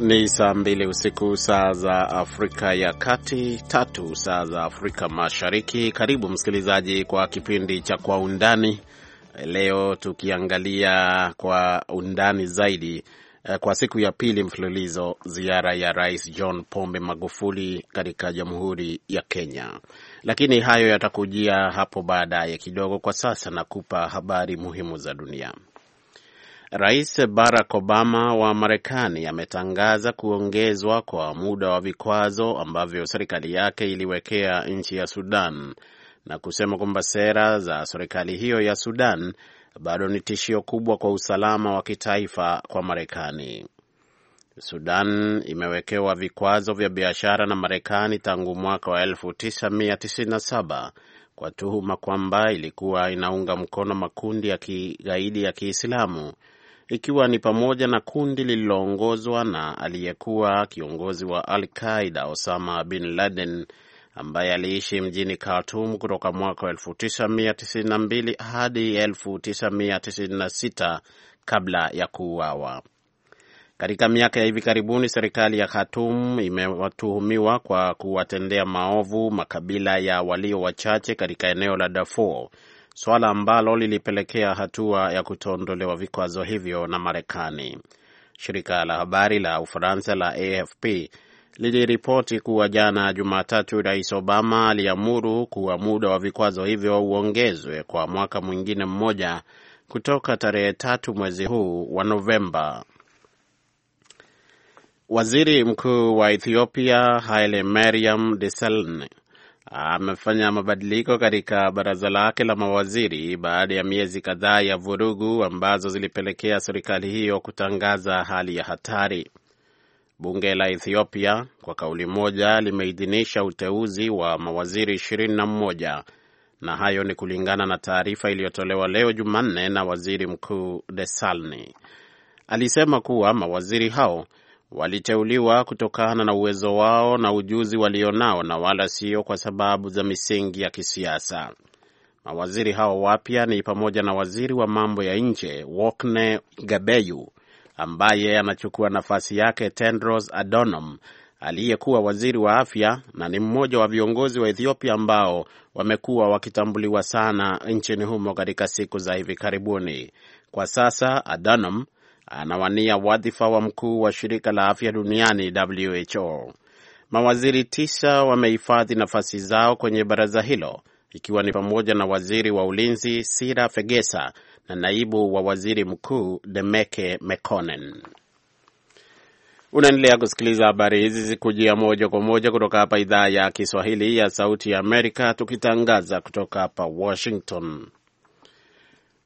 Ni saa mbili usiku saa za Afrika ya Kati, tatu saa za Afrika Mashariki. Karibu msikilizaji kwa kipindi cha Kwa Undani. Leo tukiangalia kwa undani zaidi eh, kwa siku ya pili mfululizo ziara ya Rais John Pombe Magufuli katika Jamhuri ya Kenya, lakini hayo yatakujia hapo baadaye kidogo. Kwa sasa nakupa habari muhimu za dunia. Rais Barack Obama wa Marekani ametangaza kuongezwa kwa muda wa vikwazo ambavyo serikali yake iliwekea nchi ya Sudan na kusema kwamba sera za serikali hiyo ya Sudan bado ni tishio kubwa kwa usalama wa kitaifa kwa Marekani. Sudan imewekewa vikwazo vya biashara na Marekani tangu mwaka wa 1997 kwa tuhuma kwamba ilikuwa inaunga mkono makundi ya kigaidi ya Kiislamu ikiwa ni pamoja na kundi lililoongozwa na aliyekuwa kiongozi wa Al Qaida Osama bin Laden ambaye aliishi mjini Khartum kutoka mwaka 1992 hadi 1996 kabla ya kuuawa. Katika miaka ya hivi karibuni, serikali ya Khartum imewatuhumiwa kwa kuwatendea maovu makabila ya walio wachache katika eneo la Darfur suala ambalo lilipelekea hatua ya kutoondolewa vikwazo hivyo na Marekani. Shirika la habari la Ufaransa la AFP liliripoti kuwa jana Jumatatu, Rais Obama aliamuru kuwa muda wa vikwazo hivyo uongezwe kwa mwaka mwingine mmoja kutoka tarehe tatu mwezi huu wa Novemba. Waziri Mkuu wa Ethiopia Haile Mariam Desalegn amefanya mabadiliko katika baraza lake la mawaziri baada ya miezi kadhaa ya vurugu ambazo zilipelekea serikali hiyo kutangaza hali ya hatari. Bunge la Ethiopia kwa kauli moja limeidhinisha uteuzi wa mawaziri 21 na hayo ni kulingana na taarifa iliyotolewa leo Jumanne na waziri mkuu Desalegn. Alisema kuwa mawaziri hao waliteuliwa kutokana na uwezo wao na ujuzi walionao na wala sio kwa sababu za misingi ya kisiasa. Mawaziri hao wapya ni pamoja na waziri wa mambo ya nje Wokne Gabeyu ambaye anachukua nafasi yake Tendros Adonom aliyekuwa waziri wa afya na ni mmoja wa viongozi wa Ethiopia ambao wamekuwa wakitambuliwa sana nchini humo katika siku za hivi karibuni. Kwa sasa Adonom anawania wadhifa wa mkuu wa shirika la afya duniani WHO. Mawaziri tisa wamehifadhi nafasi zao kwenye baraza hilo ikiwa ni pamoja na waziri wa ulinzi Sira Fegesa na naibu wa waziri mkuu Demeke Mekonnen. Unaendelea kusikiliza habari hizi zikujia moja kwa moja kutoka hapa idhaa ya Kiswahili ya Sauti ya Amerika, tukitangaza kutoka hapa Washington.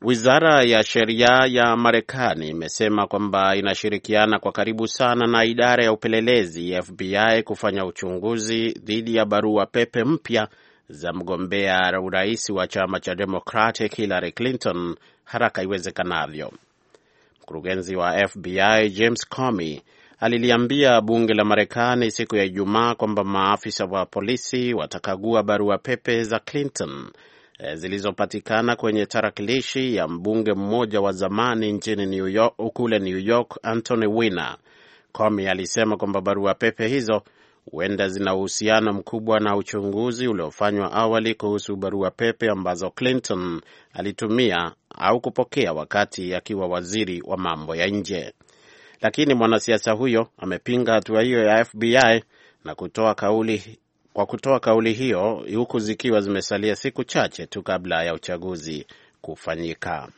Wizara ya sheria ya Marekani imesema kwamba inashirikiana kwa karibu sana na idara ya upelelezi FBI kufanya uchunguzi dhidi ya barua pepe mpya za mgombea urais wa chama cha Democratic Hillary Clinton haraka iwezekanavyo. Mkurugenzi wa FBI James Comey aliliambia bunge la Marekani siku ya Ijumaa kwamba maafisa wa polisi watakagua barua pepe za Clinton Eh, zilizopatikana kwenye tarakilishi ya mbunge mmoja wa zamani nchini New York, kule New York Anthony Weiner. Comey alisema kwamba barua pepe hizo huenda zina uhusiano mkubwa na uchunguzi uliofanywa awali kuhusu barua pepe ambazo Clinton alitumia au kupokea wakati akiwa waziri wa mambo ya nje. Lakini mwanasiasa huyo amepinga hatua hiyo ya FBI na kutoa kauli kwa kutoa kauli hiyo huku zikiwa zimesalia siku chache tu kabla ya uchaguzi kufanyika.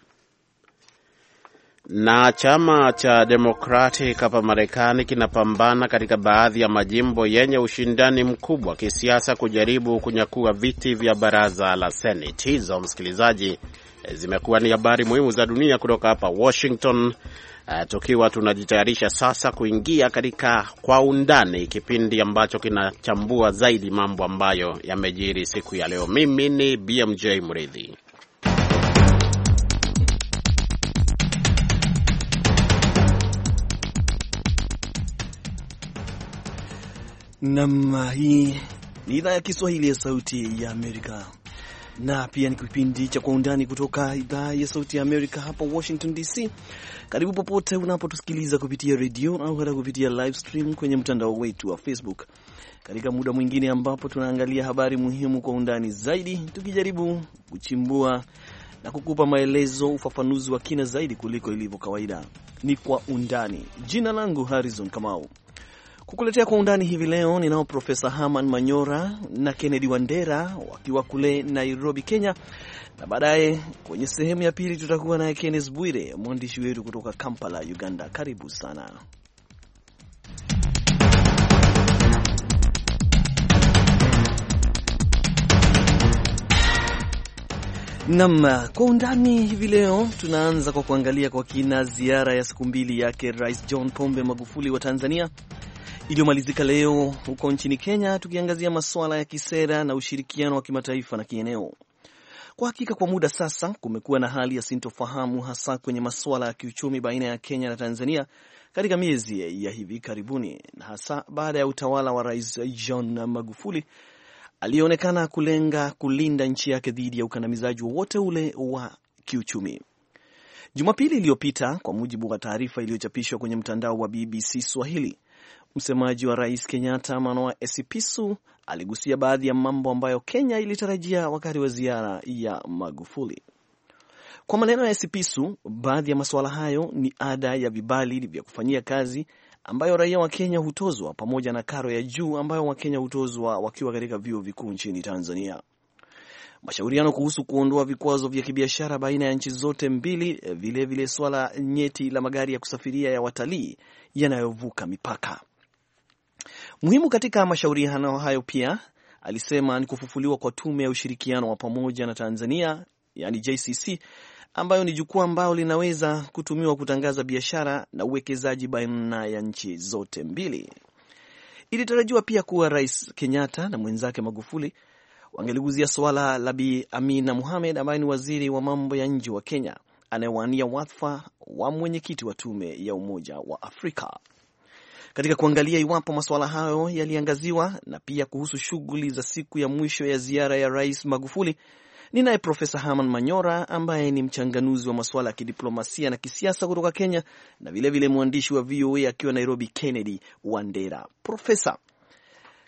Na chama cha Democratic hapa Marekani kinapambana katika baadhi ya majimbo yenye ushindani mkubwa kisiasa kujaribu kunyakua viti vya baraza la Senate. Hizo msikilizaji zimekuwa ni habari muhimu za dunia kutoka hapa Washington. Uh, tukiwa tunajitayarisha sasa kuingia katika kwa undani, kipindi ambacho kinachambua zaidi mambo ambayo yamejiri siku ya leo. Mimi ni BMJ Mridhi. Nam, hii ni idhaa ya Kiswahili ya Sauti ya Amerika na pia ni kipindi cha Kwa Undani kutoka idhaa ya Sauti ya Amerika hapa Washington DC. Karibu popote unapotusikiliza kupitia redio au hata kupitia live stream kwenye mtandao wetu wa Facebook, katika muda mwingine ambapo tunaangalia habari muhimu kwa undani zaidi, tukijaribu kuchimbua na kukupa maelezo, ufafanuzi wa kina zaidi kuliko ilivyo kawaida. Ni Kwa Undani. Jina langu Harrison Kamau. Kukuletea kwa undani hivi leo ninao Profesa Herman Manyora na Kennedy Wandera wakiwa kule Nairobi, Kenya, na baadaye kwenye sehemu ya pili tutakuwa naye Kenneth Bwire, mwandishi wetu kutoka Kampala, Uganda. Karibu sana. Nam, kwa undani hivi leo tunaanza kwa kuangalia kwa kina ziara ya siku mbili yake Rais John Pombe Magufuli wa Tanzania iliyomalizika leo huko nchini Kenya, tukiangazia masuala ya kisera na ushirikiano wa kimataifa na kieneo. Kwa hakika kwa muda sasa kumekuwa na hali ya sintofahamu hasa kwenye masuala ya kiuchumi baina ya Kenya na Tanzania katika miezi ya hivi karibuni, na hasa baada ya utawala wa Rais John Magufuli aliyeonekana kulenga kulinda nchi yake dhidi ya ukandamizaji wowote ule wa kiuchumi. Jumapili iliyopita, kwa mujibu wa taarifa iliyochapishwa kwenye mtandao wa BBC Swahili, Msemaji wa rais Kenyatta Manoa Esipisu aligusia baadhi ya mambo ambayo Kenya ilitarajia wakati wa ziara ya Magufuli. Kwa maneno ya Esipisu, baadhi ya masuala hayo ni ada ya vibali vya kufanyia kazi ambayo raia wa Kenya hutozwa pamoja na karo ya juu ambayo Wakenya hutozwa wakiwa katika vyuo vikuu nchini Tanzania. Mashauriano kuhusu kuondoa vikwazo vya kibiashara baina ya nchi zote mbili, vilevile eh, swala nyeti la magari ya kusafiria ya watalii yanayovuka mipaka. Muhimu katika mashauriano hayo pia alisema ni kufufuliwa kwa tume ya ushirikiano wa pamoja na Tanzania, yani JCC, ambayo ni jukwaa ambalo linaweza kutumiwa kutangaza biashara na uwekezaji baina ya nchi zote mbili. Ilitarajiwa pia kuwa Rais Kenyatta na mwenzake Magufuli wangeliguzia suala la Bi Amina Mohamed ambaye ni waziri wa mambo ya nje wa Kenya anayewania wadhifa wa mwenyekiti wa tume ya Umoja wa Afrika katika kuangalia iwapo masuala hayo yaliangaziwa na pia kuhusu shughuli za siku ya mwisho ya ziara ya Rais Magufuli. Ninaye Profesa Herman Manyora ambaye ni mchanganuzi wa masuala ya kidiplomasia na kisiasa kutoka Kenya na vilevile mwandishi wa VOA akiwa Nairobi, Kennedy Wandera. Profesa,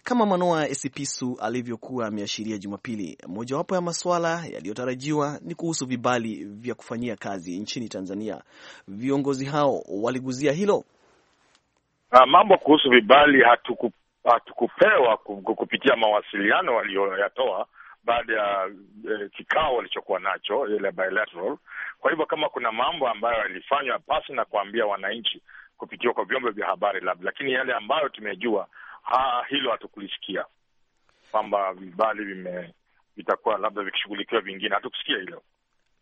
kama Manoa Esipisu alivyokuwa ameashiria Jumapili, mojawapo ya masuala yaliyotarajiwa ni kuhusu vibali vya kufanyia kazi nchini Tanzania. Viongozi hao waliguzia hilo? Uh, mambo kuhusu vibali hatuku, hatukupewa kupitia mawasiliano waliyoyatoa baada ya eh, kikao walichokuwa nacho ile bilateral. Kwa hivyo kama kuna mambo ambayo yalifanywa pasi na kuambia wananchi kupitia kwa vyombo vya habari labda, lakini yale ambayo tumejua ha, hilo hatukulisikia kwamba vibali vime vitakuwa labda vikishughulikiwa, vingine hatukusikia hilo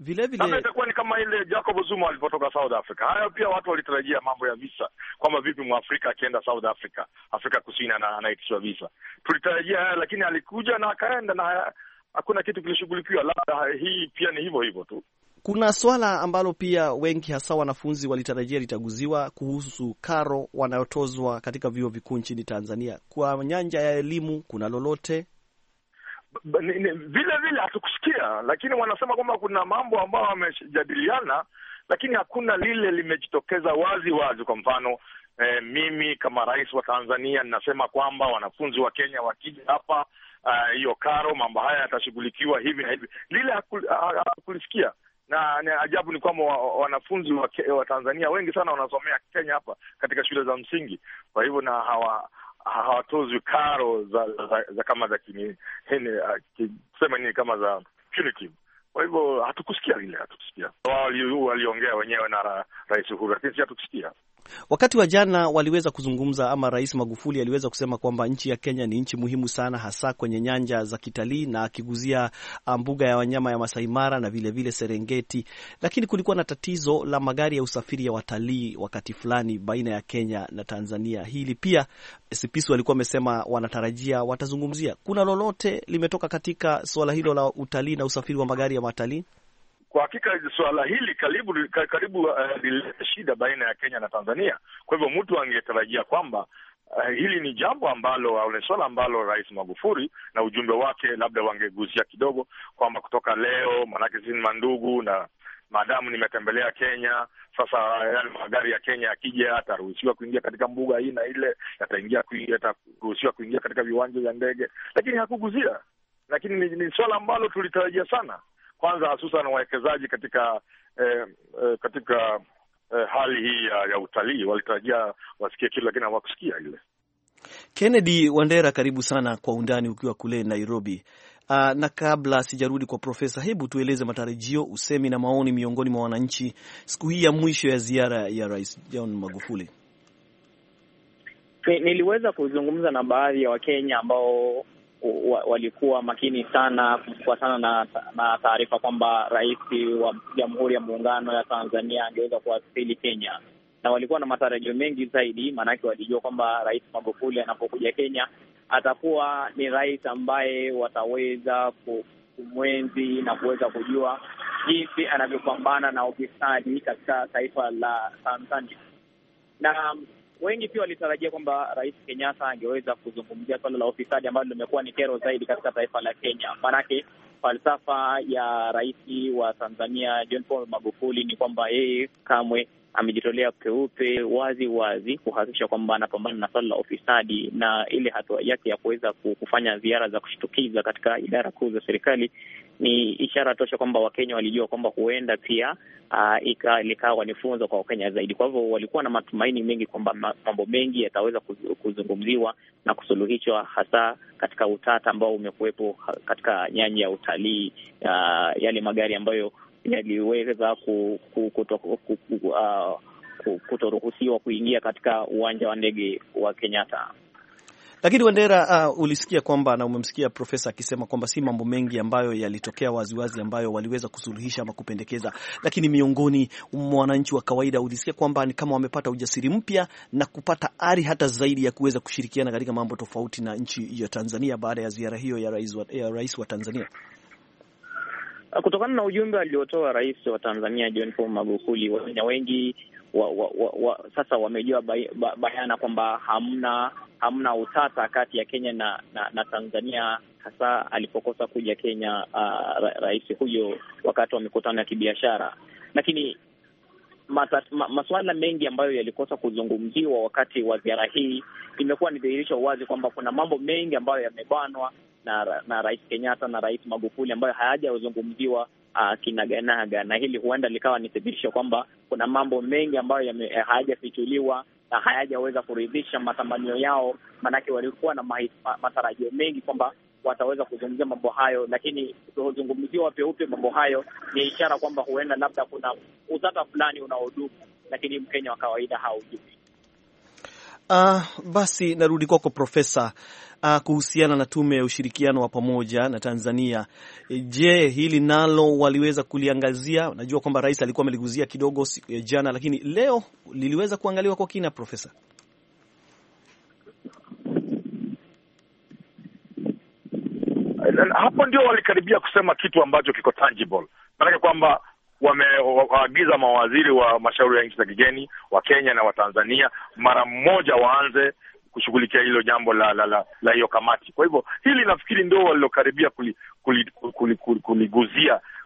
vile vile kama itakuwa ni kama ile Jacob Zuma alipotoka South Africa. Hayo pia watu walitarajia mambo ya visa, kwamba vipi mwafrika akienda South Africa, Afrika Kusini, anaitishwa visa. Tulitarajia haya, lakini alikuja na akaenda na hakuna kitu kilishughulikiwa. Labda hii pia ni hivyo hivyo tu. Kuna swala ambalo pia wengi hasa wanafunzi walitarajia litaguziwa kuhusu karo wanayotozwa katika vyuo vikuu nchini Tanzania. Kwa nyanja ya elimu, kuna lolote vile vile hatukusikia, lakini wanasema kwamba kuna mambo ambayo wamejadiliana, lakini hakuna lile limejitokeza wazi wazi. Kwa mfano eh, mimi kama rais wa Tanzania ninasema kwamba wanafunzi wa Kenya wakija hapa ah, hiyo uh, karo mambo haya yatashughulikiwa hivi na hivi, lile hakulisikia na ni ajabu ni kwamba wanafunzi wa, wa Tanzania wengi sana wanasomea Kenya hapa katika shule za msingi, kwa hivyo na hawa hawatozwi karo za, za, za kama za kini, ah, nini kama za punitive. Kwa hivyo hatukusikia vile, hatukusikia wao waliongea wenyewe na Rais Uhuru, lakini si hatukusikia Wakati wa jana waliweza kuzungumza ama Rais Magufuli aliweza kusema kwamba nchi ya Kenya ni nchi muhimu sana, hasa kwenye nyanja za kitalii na akiguzia ah, mbuga ya wanyama ya Masai Mara na vilevile vile Serengeti, lakini kulikuwa na tatizo la magari ya usafiri ya watalii wakati fulani baina ya Kenya na Tanzania. Hili pia Sipisu walikuwa wamesema wanatarajia watazungumzia. Kuna lolote limetoka katika suala hilo la utalii na usafiri wa magari ya watalii? Kwa hakika suala hili karibu karibu uh, shida baina ya Kenya na Tanzania. Kwa hivyo mtu angetarajia kwamba Uh, hili ni jambo ambalo au ni swala ambalo Rais Magufuli na ujumbe wake labda wangegusia kidogo, kwamba kutoka leo, maanake sisi ni mandugu, na maadamu nimetembelea Kenya, sasa yale magari ya Kenya yakija yataruhusiwa kuingia katika mbuga hii na ile, yataingia yataruhusiwa kuingia katika viwanja vya ndege, lakini hakuguzia. Lakini ni, ni swala ambalo tulitarajia sana kwanza hususan wawekezaji katika eh, eh, katika eh, hali hii ya, ya utalii walitarajia wasikie kitu, lakini hawakusikia ile. Kennedy Wandera, karibu sana kwa undani ukiwa kule Nairobi. Uh, na kabla sijarudi kwa profesa, hebu tueleze matarajio, usemi na maoni miongoni mwa wananchi siku hii ya mwisho ya ziara ya Rais John Magufuli. Niliweza kuzungumza na baadhi ya Wakenya ambao walikuwa makini sana kufuatana na, na taarifa kwamba rais wa Jamhuri ya Muungano ya Tanzania angeweza kuwasili Kenya, na walikuwa na matarajio mengi zaidi, maanake walijua kwamba Rais Magufuli anapokuja Kenya atakuwa ni rais ambaye wataweza kumwenzi na kuweza kujua jinsi anavyopambana na ufisadi katika taifa la Tanzania na Wengi pia walitarajia kwamba Rais Kenyatta angeweza kuzungumzia swala la ufisadi ambalo limekuwa ni kero zaidi katika taifa la Kenya. Maanake falsafa ya rais wa Tanzania John Paul Magufuli ni kwamba yeye kamwe amejitolea peupe wazi wazi kuhakikisha kwamba anapambana na swala la ufisadi, na ile hatua yake ya kuweza kufanya ziara za kushtukiza katika idara kuu za serikali ni ishara tosha kwamba Wakenya walijua kwamba huenda pia uh, likawa ni funzo kwa Wakenya zaidi. Kwa hivyo walikuwa na matumaini mengi kwamba mambo mengi yataweza kuzungumziwa na kusuluhishwa, hasa katika utata ambao umekuwepo katika nyanja ya utalii, uh, yale magari ambayo yaliweza ku, ku, kuto, ku, ku, uh, kutoruhusiwa kuingia katika uwanja wa ndege wa Kenyatta. Lakini Wandera, uh, ulisikia kwamba na umemsikia profesa akisema kwamba si mambo mengi ambayo yalitokea waziwazi ambayo waliweza kusuluhisha ama kupendekeza, lakini miongoni mwananchi wa kawaida ulisikia kwamba ni kama wamepata ujasiri mpya na kupata ari hata zaidi ya kuweza kushirikiana katika mambo tofauti na nchi ya Tanzania baada ya ziara hiyo ya rais wa, ya rais wa Tanzania uh, kutokana na ujumbe aliotoa rais wa Tanzania John Pombe Magufuli, Wakenya wengi wa, wa, wa, wa, sasa wamejua bayana kwamba hamna hamna utata kati ya Kenya na, na, na Tanzania hasa alipokosa kuja Kenya uh, ra, rais huyo wakati wa mikutano ya kibiashara, lakini ma, masuala mengi ambayo yalikosa kuzungumziwa wakati wa ziara hii imekuwa ni dhihirisho wazi kwamba kuna mambo mengi ambayo yamebanwa na, na rais Kenyatta na rais Magufuli ambayo hayajazungumziwa uh, kinaganaga, na hili huenda likawa ni thibitisho kwamba kuna mambo mengi ambayo hayajafichuliwa hayajaweza kuridhisha matamanio yao, maanake walikuwa na matarajio mengi kwamba wataweza kuzungumzia mambo hayo, lakini kuzungumziwa peupe mambo hayo ni ishara kwamba huenda labda kuna utata fulani unaodumu, lakini Mkenya wa kawaida haujui. Uh, ah, basi narudi kwako Profesa uh, kuhusiana na tume ya ushirikiano wa pamoja na Tanzania. Eh, je, hili nalo waliweza kuliangazia? Najua kwamba rais alikuwa ameliguzia kidogo jana, lakini leo liliweza kuangaliwa kwa kina, Profesa? Hapo ndio walikaribia kusema kitu ambacho kiko tangible, maanake kwamba wamewaagiza mawaziri wa mashauri ya nchi za kigeni wa Kenya na wa Tanzania mara mmoja waanze kushughulikia hilo jambo la la la, la hiyo kamati. Kwa hivyo hili nafikiri ndio walilokaribia kuliguzia kuli, kuli, kuli, kuli,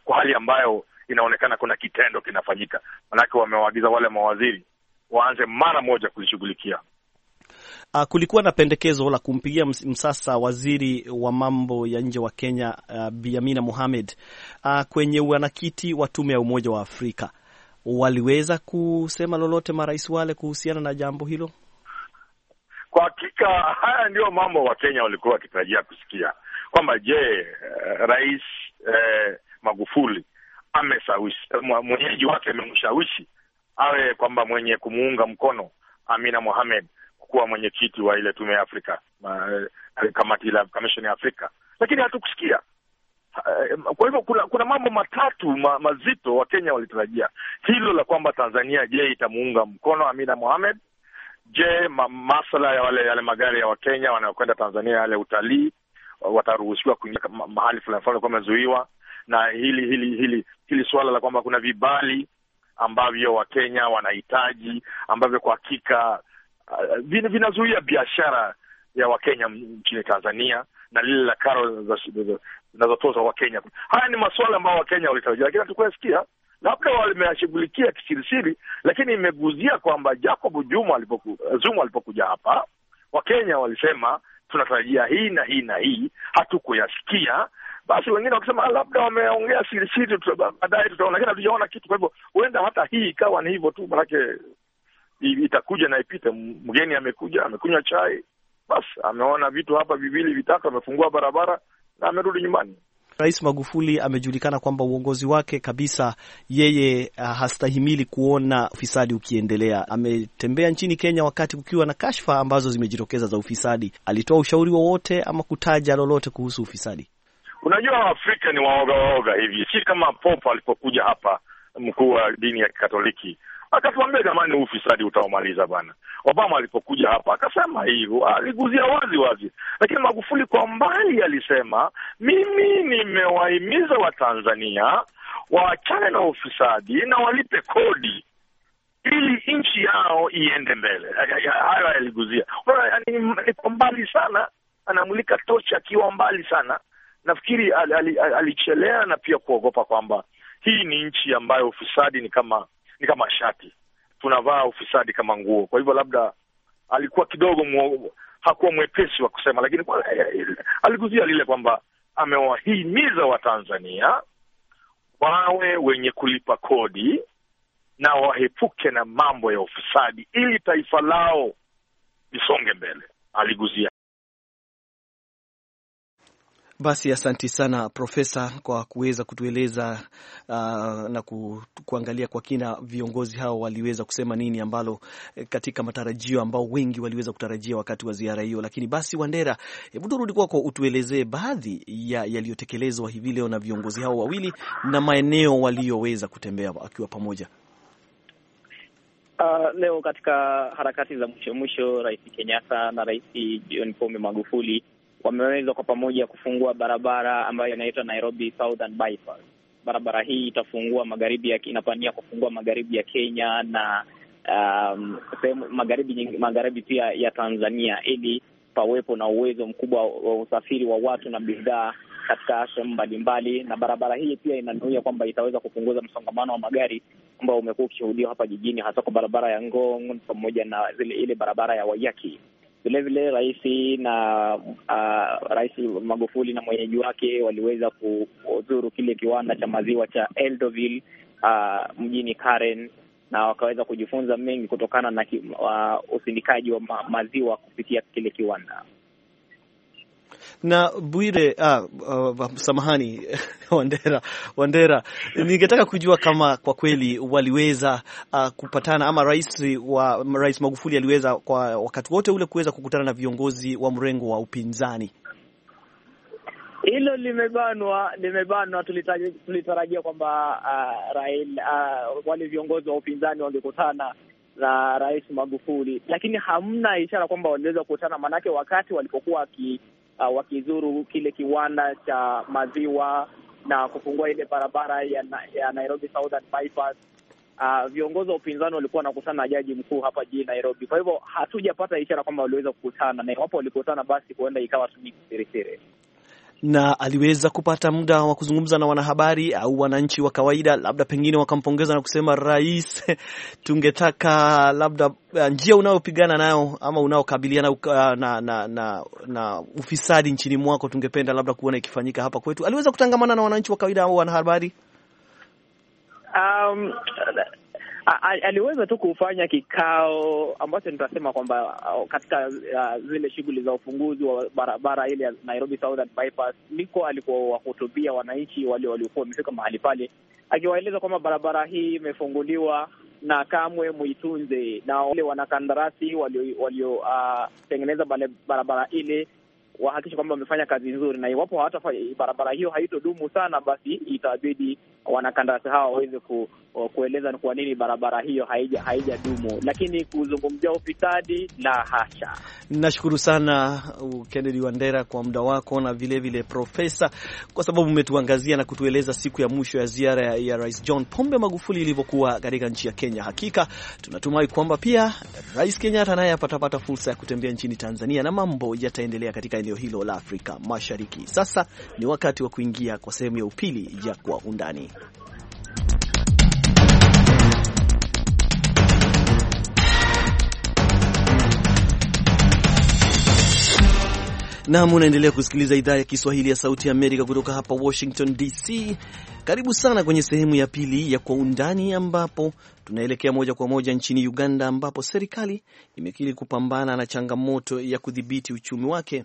kwa hali ambayo inaonekana kuna kitendo kinafanyika, manake wamewaagiza wale mawaziri waanze mara moja kulishughulikia. Uh, kulikuwa na pendekezo la kumpigia msasa waziri wa mambo ya nje wa Kenya uh, ah, Bi Amina Mohamed uh, kwenye uanakiti wa tume ya Umoja wa Afrika. Waliweza kusema lolote marais wale kuhusiana na jambo hilo? Kwa hakika haya ndiyo mambo Wakenya walikuwa wakitarajia kusikia kwamba je, eh, rais eh, Magufuli ameshawishi eh, mwenyeji wake amemshawishi awe kwamba mwenye kumuunga mkono Amina Mohamed kuwa mwenyekiti wa ile tume ya Afrika uh, kamati la Commission ya Afrika, lakini hatukusikia. Uh, kwa hivyo kuna, kuna mambo matatu ma, mazito Wakenya walitarajia hilo la kwamba Tanzania je, itamuunga mkono Amina Mohamed Je, ma masala ya wale yale magari ya Wakenya wanayokwenda Tanzania yale utalii wataruhusiwa kuingia mahali fulani fulani kuwa wamezuiwa? Na hili hili hili hili suala la kwamba kuna vibali ambavyo Wakenya wanahitaji ambavyo kwa hakika uh, vinazuia biashara ya Wakenya nchini Tanzania na lile la karo zinazotozwa Wakenya. Haya ni masuala ambayo Wakenya walitarajia, lakini hatukuyasikia labda wameashughulikia kisirisiri, lakini imeguzia kwamba Jacob Zuma alipoku, Zuma alipokuja hapa Wakenya walisema tunatarajia hii na hii na hii, hatukuyasikia. Basi wengine wakisema ah, labda wameongea sirisiri, baadaye tutaona, lakini hatujaona kitu. Kwa hivyo huenda hata hii ikawa ni hivyo tu, manake itakuja na ipite. Mgeni amekuja amekunywa chai, basi ameona vitu hapa viwili vitatu, amefungua barabara na amerudi nyumbani. Rais Magufuli amejulikana kwamba uongozi wake kabisa, yeye uh, hastahimili kuona ufisadi ukiendelea. Ametembea nchini Kenya wakati kukiwa na kashfa ambazo zimejitokeza za ufisadi. Alitoa ushauri wowote ama kutaja lolote kuhusu ufisadi? Unajua, Waafrika ni waoga waoga hivi, si kama popo alipokuja hapa, mkuu wa dini ya kikatoliki akatuambia jamani, huu ufisadi utaomaliza bwana. Obama alipokuja hapa akasema hivyo, aliguzia wazi wazi, lakini Magufuli kwa mbali alisema mimi nimewahimiza Watanzania waachane na ufisadi na walipe kodi ili nchi yao iende mbele. Hayo yaliguzia. Ni mbali sana, anamulika tochi akiwa mbali sana. Nafikiri alichelea al, al, al, na pia kuogopa kwamba hii ni nchi ambayo ufisadi ni kama ni kama shati, tunavaa ufisadi kama nguo. Kwa hivyo labda alikuwa kidogo mw, hakuwa mwepesi wa kusema, lakini eh, eh, aliguzia lile kwamba amewahimiza Watanzania wawe wenye kulipa kodi na wahepuke na mambo ya ufisadi ili taifa lao lisonge mbele. Aliguzia basi asanti sana Profesa kwa kuweza kutueleza uh, na ku, kuangalia kwa kina viongozi hao waliweza kusema nini ambalo eh, katika matarajio ambao wengi waliweza kutarajia wakati wa ziara hiyo. Lakini basi, Wandera, hebu turudi kwako utuelezee baadhi ya yaliyotekelezwa hivi leo na viongozi hao wawili na maeneo walioweza kutembea wakiwa pamoja. Uh, leo katika harakati za mwisho mwisho, Rais Kenyatta na Rais John Pombe Magufuli wameweza kwa pamoja kufungua barabara ambayo inaitwa Nairobi Southern Bypass. Barabara hii itafungua magharibi ya, inapania kufungua magharibi ya Kenya na um, sehemu magharibi magharibi pia ya Tanzania ili pawepo na uwezo mkubwa wa usafiri wa watu na bidhaa katika sehemu mbalimbali, na barabara hii pia inanuia kwamba itaweza kupunguza msongamano wa magari ambao umekuwa ukishuhudiwa hapa jijini, hasa kwa barabara ya Ngong pamoja na zile ile barabara ya Wayaki. Vilevile rais na uh, Rais Magufuli na mwenyeji wake waliweza kuzuru kile kiwanda cha maziwa cha Eldoville uh, mjini Karen na wakaweza kujifunza mengi kutokana na uh, usindikaji wa ma maziwa kupitia kile kiwanda na Bwire ah, uh, samahani Wandera, Wandera, ningetaka kujua kama kwa kweli waliweza uh, kupatana ama rais wa Rais Magufuli aliweza kwa wakati wote ule kuweza kukutana na viongozi wa mrengo wa upinzani. Hilo limebanwa, limebanwa. Tulitarajia kwamba uh, rail, uh, wale viongozi wa upinzani wangekutana na Rais Magufuli, lakini hamna ishara kwamba waliweza kukutana, maanake wakati walipokuwa uh, wakizuru kile kiwanda cha maziwa na kufungua ile barabara ya, na, ya Nairobi Southern Bypass. Uh, viongozi wa upinzani walikuwa wanakutana na jaji mkuu hapa jijini Nairobi. Kwa hivyo hatujapata ishara kwamba waliweza kukutana, na iwapo walikutana, basi huenda ikawa tu ni kisirisiri na aliweza kupata muda wa kuzungumza na wanahabari au wananchi wa kawaida, labda pengine wakampongeza na kusema, rais, tungetaka labda eh, njia unayopigana nayo ama unaokabiliana na, na, na, na, na ufisadi nchini mwako tungependa labda kuona ikifanyika hapa kwetu. Aliweza kutangamana na wananchi wa kawaida au wanahabari um, aliweza tu kufanya kikao ambacho nitasema kwamba uh, katika uh, zile shughuli za ufunguzi wa barabara ile ya Nairobi Southern Bypass, ndiko alikuwa wahutubia wananchi wale waliokuwa wamefika mahali pale, akiwaeleza kwamba barabara hii imefunguliwa na kamwe muitunze, na wale wanakandarasi waliotengeneza uh, barabara ile wahakikishe kwamba wamefanya kazi nzuri, na iwapo barabara hiyo haitodumu sana, basi itabidi wanakandarasi hawa waweze ku, kueleza kwa nini barabara hiyo haija haijadumu, lakini kuzungumzia ufisadi la hasha. Nashukuru sana uh, Kennedy Wandera kwa muda wako na vilevile Profesa kwa sababu umetuangazia na kutueleza siku ya mwisho ya ziara ya, ya Rais John Pombe Magufuli ilivyokuwa katika nchi ya Kenya. Hakika tunatumai kwamba pia Rais Kenyatta naye apatapata fursa ya kutembea nchini Tanzania na mambo yataendelea katika eneo hilo la Afrika Mashariki. Sasa ni wakati wa kuingia kwa sehemu ya upili ya Kwa Undani. Nam, unaendelea kusikiliza idhaa ya Kiswahili ya Sauti ya Amerika kutoka hapa Washington DC. Karibu sana kwenye sehemu ya pili ya Kwa Undani, ambapo tunaelekea moja kwa moja nchini Uganda, ambapo serikali imekiri kupambana na changamoto ya kudhibiti uchumi wake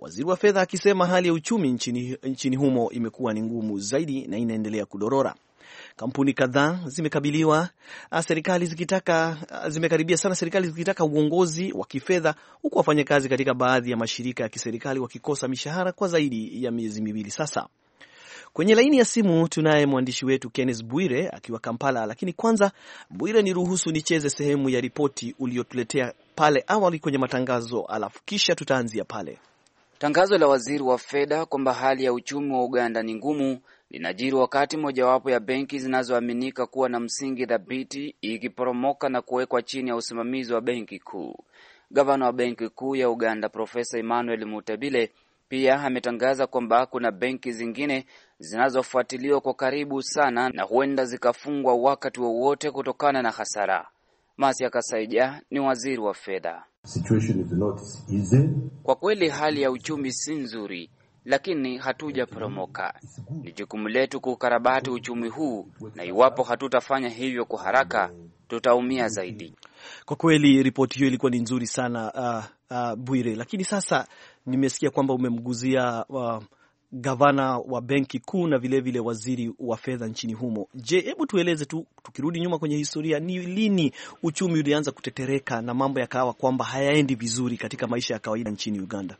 waziri wa fedha akisema hali ya uchumi nchini, nchini humo imekuwa ni ngumu zaidi na inaendelea kudorora. Kampuni kadhaa zimekabiliwa ah, serikali zikitaka ah, zimekaribia sana serikali zikitaka uongozi wa kifedha, huku wafanyakazi katika baadhi ya mashirika ya kiserikali wakikosa mishahara kwa zaidi ya miezi miwili sasa. Kwenye laini ya simu tunaye mwandishi wetu Kenneth Bwire akiwa Kampala, lakini kwanza, Bwire, niruhusu nicheze sehemu ya ripoti uliotuletea pale awali kwenye matangazo, alafu kisha tutaanzia pale. Tangazo la waziri wa fedha kwamba hali ya uchumi wa Uganda ni ngumu linajiri wakati mojawapo ya benki zinazoaminika kuwa na msingi thabiti ikiporomoka na kuwekwa chini ya usimamizi wa benki kuu. Gavana wa benki kuu ya Uganda Profesa Emmanuel mutebile pia ametangaza kwamba kuna benki zingine zinazofuatiliwa kwa karibu sana na huenda zikafungwa wakati wowote kutokana na hasara. Masia Kasaija ni waziri wa fedha. Kwa kweli hali ya uchumi si nzuri, lakini hatujaporomoka. Ni jukumu letu kuukarabati uchumi huu, na iwapo hatutafanya hivyo kwa haraka tutaumia zaidi. Kwa kweli ripoti hiyo ilikuwa ni nzuri sana, uh, uh, Bwire. Lakini sasa nimesikia kwamba umemguzia uh, gavana wa benki kuu na vilevile vile waziri wa fedha nchini humo. Je, hebu tueleze tu, tukirudi nyuma kwenye historia, ni lini uchumi ulianza kutetereka na mambo yakawa kwamba hayaendi vizuri katika maisha ya kawaida nchini Uganda?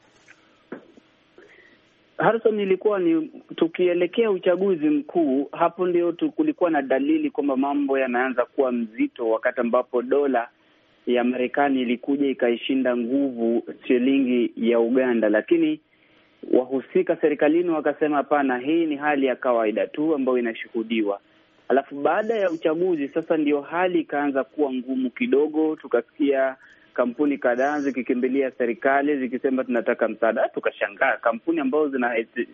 Harison, ilikuwa ni tukielekea uchaguzi mkuu, hapo ndio kulikuwa na dalili kwamba mambo yanaanza kuwa mzito, wakati ambapo dola ya Marekani ilikuja ikaishinda nguvu shilingi ya Uganda, lakini wahusika serikalini wakasema hapana, hii ni hali ya kawaida tu ambayo inashuhudiwa. Alafu baada ya uchaguzi sasa ndio hali ikaanza kuwa ngumu kidogo, tukasikia kampuni kadhaa zikikimbilia serikali zikisema tunataka msaada. Tukashangaa kampuni ambazo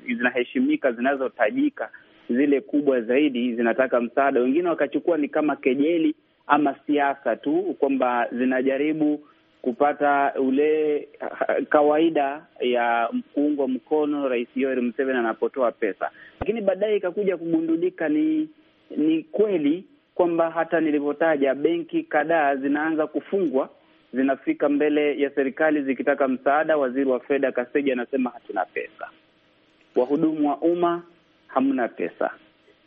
zinaheshimika zinazotajika zile kubwa zaidi zinataka msaada, wengine wakachukua ni kama kejeli ama siasa tu, kwamba zinajaribu kupata ule uh, kawaida ya kuungwa mkono Rais Yoweri Museveni anapotoa pesa, lakini baadaye ikakuja kugundulika ni ni kweli kwamba hata nilivyotaja benki kadhaa zinaanza kufungwa, zinafika mbele ya serikali zikitaka msaada. Waziri wa fedha kaseji anasema hatuna pesa, wahudumu wa umma hamna pesa,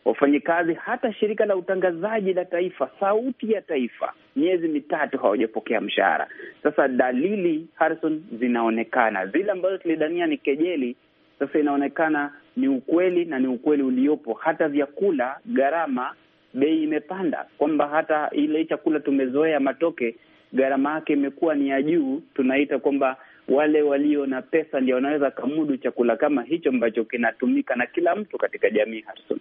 wafanyikazi, hata shirika la utangazaji la taifa, sauti ya taifa, miezi mitatu hawajapokea mshahara. Sasa dalili Harrison, zinaonekana zile ambazo tulidania ni kejeli, sasa inaonekana ni ukweli na ni ukweli uliopo. Hata vyakula gharama, bei imepanda, kwamba hata ile chakula tumezoea matoke, gharama yake imekuwa ni ya juu. Tunaita kwamba wale walio na pesa ndio wanaweza kamudu chakula kama hicho ambacho kinatumika na kila mtu katika jamii Harrison.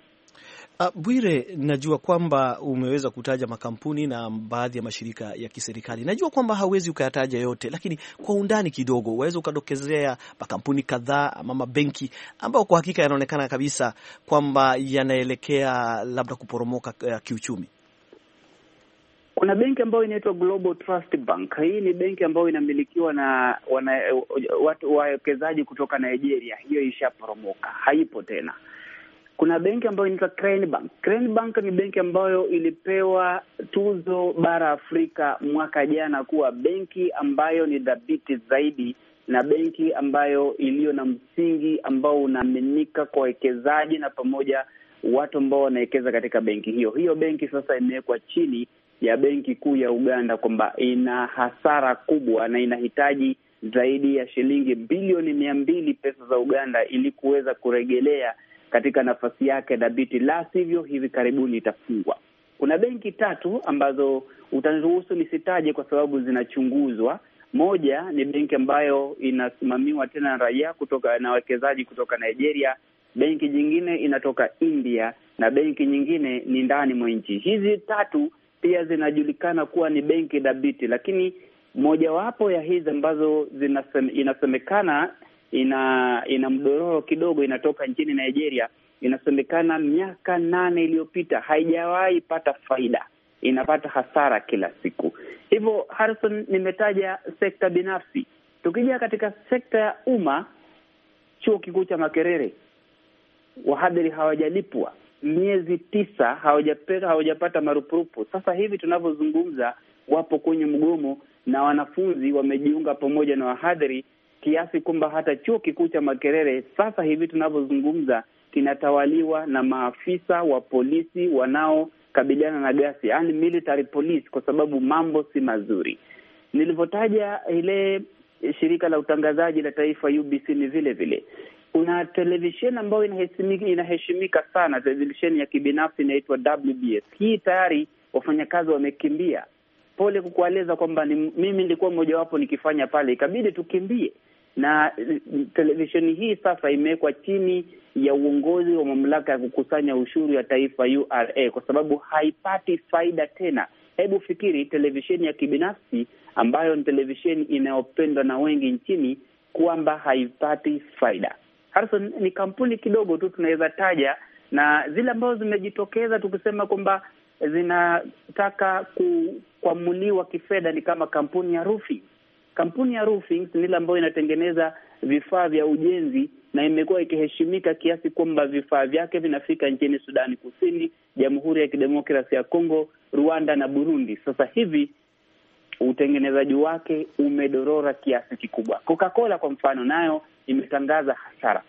Uh, Bwire, najua kwamba umeweza kutaja makampuni na baadhi ya mashirika ya kiserikali. Najua kwamba hawezi ukayataja yote, lakini kwa undani kidogo waweza ukadokezea makampuni kadhaa ama mabenki ambayo kwa hakika yanaonekana kabisa kwamba yanaelekea labda kuporomoka uh, kiuchumi. Kuna benki ambayo inaitwa Global Trust Bank. Hii ni benki ambayo inamilikiwa na wana, uh, watu wawekezaji kutoka Nigeria. Hiyo ishaporomoka, haipo tena. Kuna benki ambayo inaitwa Crane Bank. Crane Bank ni benki ambayo ilipewa tuzo bara Afrika mwaka jana kuwa benki ambayo ni dhabiti zaidi na benki ambayo iliyo na msingi ambao unaaminika kwa wawekezaji na pamoja watu ambao wanawekeza katika benki hiyo. Hiyo benki sasa imewekwa chini ya benki kuu ya Uganda, kwamba ina hasara kubwa na inahitaji zaidi ya shilingi bilioni mia mbili pesa za Uganda ili kuweza kuregelea katika nafasi yake dhabiti, la sivyo hivi karibuni itafungwa. Kuna benki tatu ambazo utaniruhusu nisitaje kwa sababu zinachunguzwa. Moja ni benki ambayo inasimamiwa tena na raia kutoka na wawekezaji kutoka Nigeria, benki nyingine inatoka India na benki nyingine ni ndani mwa nchi. Hizi tatu pia zinajulikana kuwa ni benki dhabiti, lakini mojawapo ya hizi ambazo inasemekana ina ina mdororo kidogo, inatoka nchini Nigeria. Inasemekana miaka nane iliyopita haijawahi pata faida, inapata hasara kila siku. Hivyo Harrison, nimetaja sekta binafsi. Tukija katika sekta ya umma, chuo kikuu cha Makerere, wahadhiri hawajalipwa miezi tisa, hawajapata hawajapata marupurupu. Sasa hivi tunavyozungumza, wapo kwenye mgomo na wanafunzi wamejiunga pamoja na wahadhiri kiasi kwamba hata chuo kikuu cha Makerere sasa hivi tunavyozungumza kinatawaliwa na maafisa wa polisi wanaokabiliana na gasi yani military police, kwa sababu mambo si mazuri. Nilivyotaja ile shirika la utangazaji la taifa UBC, ni vile vile kuna televisheni ambayo inaheshimika, inaheshimika sana, televisheni ya kibinafsi inaitwa WBS. Hii tayari wafanyakazi wamekimbia pole kukualeza kwamba ni mimi nilikuwa mmojawapo nikifanya pale, ikabidi tukimbie. Na eh, televisheni hii sasa imewekwa chini ya uongozi wa mamlaka ya kukusanya ushuru ya taifa URA, kwa sababu haipati faida tena. Hebu fikiri televisheni ya kibinafsi ambayo ni televisheni inayopendwa na wengi nchini, kwamba haipati faida. Harrison, ni kampuni kidogo tu tunaweza taja na zile ambazo zimejitokeza tukisema kwamba zinataka kuamuliwa kifedha ni kama kampuni ya roofing. Kampuni ya roofing ni ile ambayo inatengeneza vifaa vya ujenzi na imekuwa ikiheshimika kiasi kwamba vifaa vyake vinafika nchini Sudani Kusini, Jamhuri ya kidemokrasi ya Kongo, Rwanda na Burundi. Sasa hivi utengenezaji wake umedorora kiasi kikubwa. Coca-Cola kwa mfano, nayo imetangaza hasara.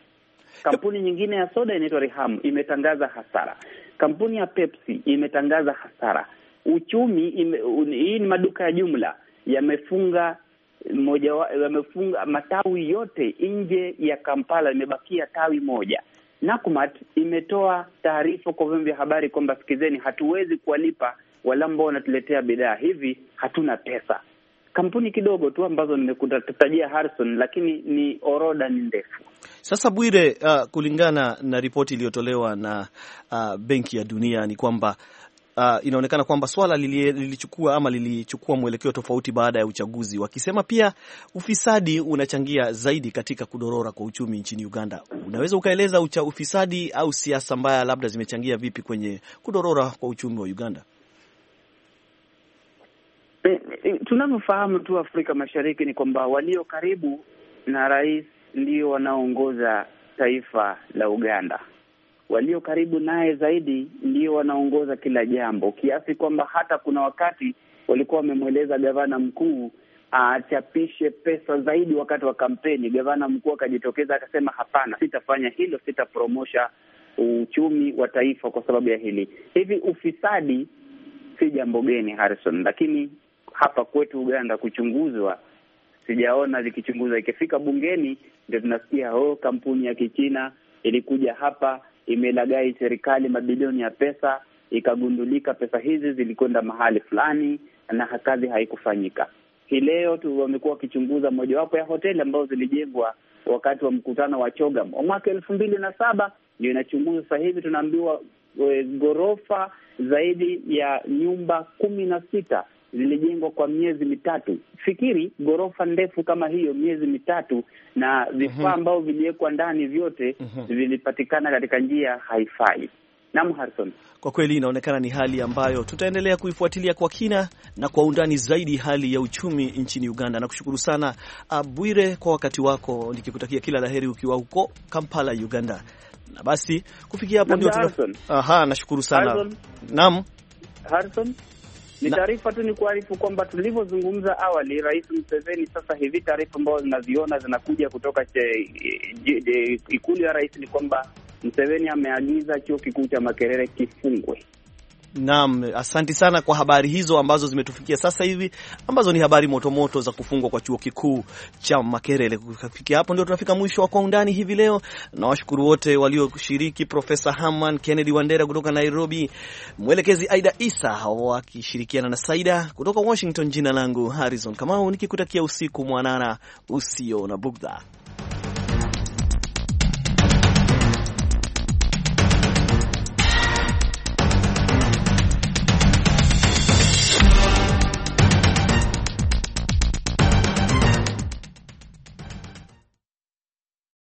Kampuni nyingine ya soda inaitwa Rehamu imetangaza hasara. Kampuni ya Pepsi imetangaza hasara. Uchumi ime, un, hii ni maduka ya jumla yamefunga moja yamefunga matawi yote nje ya Kampala, imebakia tawi moja. Nakumat imetoa taarifa kwa vyombo vya habari kwamba sikizeni, hatuwezi kuwalipa wale ambao wanatuletea bidhaa hivi, hatuna pesa kampuni kidogo tu ambazo nimekutajia Harrison, lakini ni orodha ni ndefu. Sasa Bwire, uh, kulingana na ripoti iliyotolewa na uh, Benki ya Dunia ni kwamba Uh, inaonekana kwamba swala lilichukua ama lilichukua mwelekeo tofauti baada ya uchaguzi, wakisema pia ufisadi unachangia zaidi katika kudorora kwa uchumi nchini Uganda. Unaweza ukaeleza ucha ufisadi au siasa mbaya labda zimechangia vipi kwenye kudorora kwa uchumi wa Uganda? Eh, eh, tunavyofahamu tu Afrika Mashariki ni kwamba walio karibu na rais ndio wanaoongoza taifa la Uganda, walio karibu naye zaidi ndio wanaongoza kila jambo, kiasi kwamba hata kuna wakati walikuwa wamemweleza gavana mkuu achapishe pesa zaidi wakati wa kampeni. Gavana mkuu akajitokeza akasema, hapana, sitafanya hilo, sitapromosha uchumi wa taifa kwa sababu ya hili. Hivi ufisadi si jambo geni Harrison, lakini hapa kwetu Uganda kuchunguzwa, sijaona likichunguzwa. Ikifika bungeni ndio tunasikia oh, kampuni ya Kichina ilikuja hapa imelagai serikali mabilioni ya pesa, ikagundulika pesa hizi zilikwenda mahali fulani na kazi haikufanyika. Hii leo tu wamekuwa wakichunguza mojawapo ya hoteli ambazo zilijengwa wakati wa mkutano wa Chogam wa mwaka elfu mbili na saba ndio inachunguza sasa hivi. Tunaambiwa eh, ghorofa zaidi ya nyumba kumi na sita zilijengwa kwa miezi mitatu. Fikiri ghorofa ndefu kama hiyo, miezi mitatu, na vifaa mhm. ambavyo viliwekwa ndani vyote mhm. vilipatikana katika njia haifai. Naam, Harrison, kwa kweli inaonekana ni hali ambayo tutaendelea kuifuatilia kwa kina na kwa undani zaidi, hali ya uchumi nchini Uganda. Nakushukuru sana ah, Bwire kwa wakati wako, nikikutakia kila laheri ukiwa huko Kampala, Uganda. Na basi kufikia hapo ndio tuna... Aha, nashukuru sana. Naam, Harrison ni taarifa tu, ni kuarifu kwamba tulivyozungumza awali, Rais Mseveni, sasa hivi taarifa ambazo zinaziona zinakuja kutoka ikulu ya rais ni kwamba Mseveni ameagiza chuo kikuu cha Makerere kifungwe. Naam, asanti sana kwa habari hizo ambazo zimetufikia sasa hivi, ambazo ni habari motomoto za kufungwa kwa chuo kikuu cha Makerere. Kufikia hapo ndio tunafika mwisho wa kwa undani hivi leo, na washukuru wote walioshiriki, Profesa Haman Kennedy Wandera kutoka Nairobi, mwelekezi Aida Isa wakishirikiana na Saida kutoka Washington. Jina langu Harrison Kamau nikikutakia usiku mwanana usio na bugdha.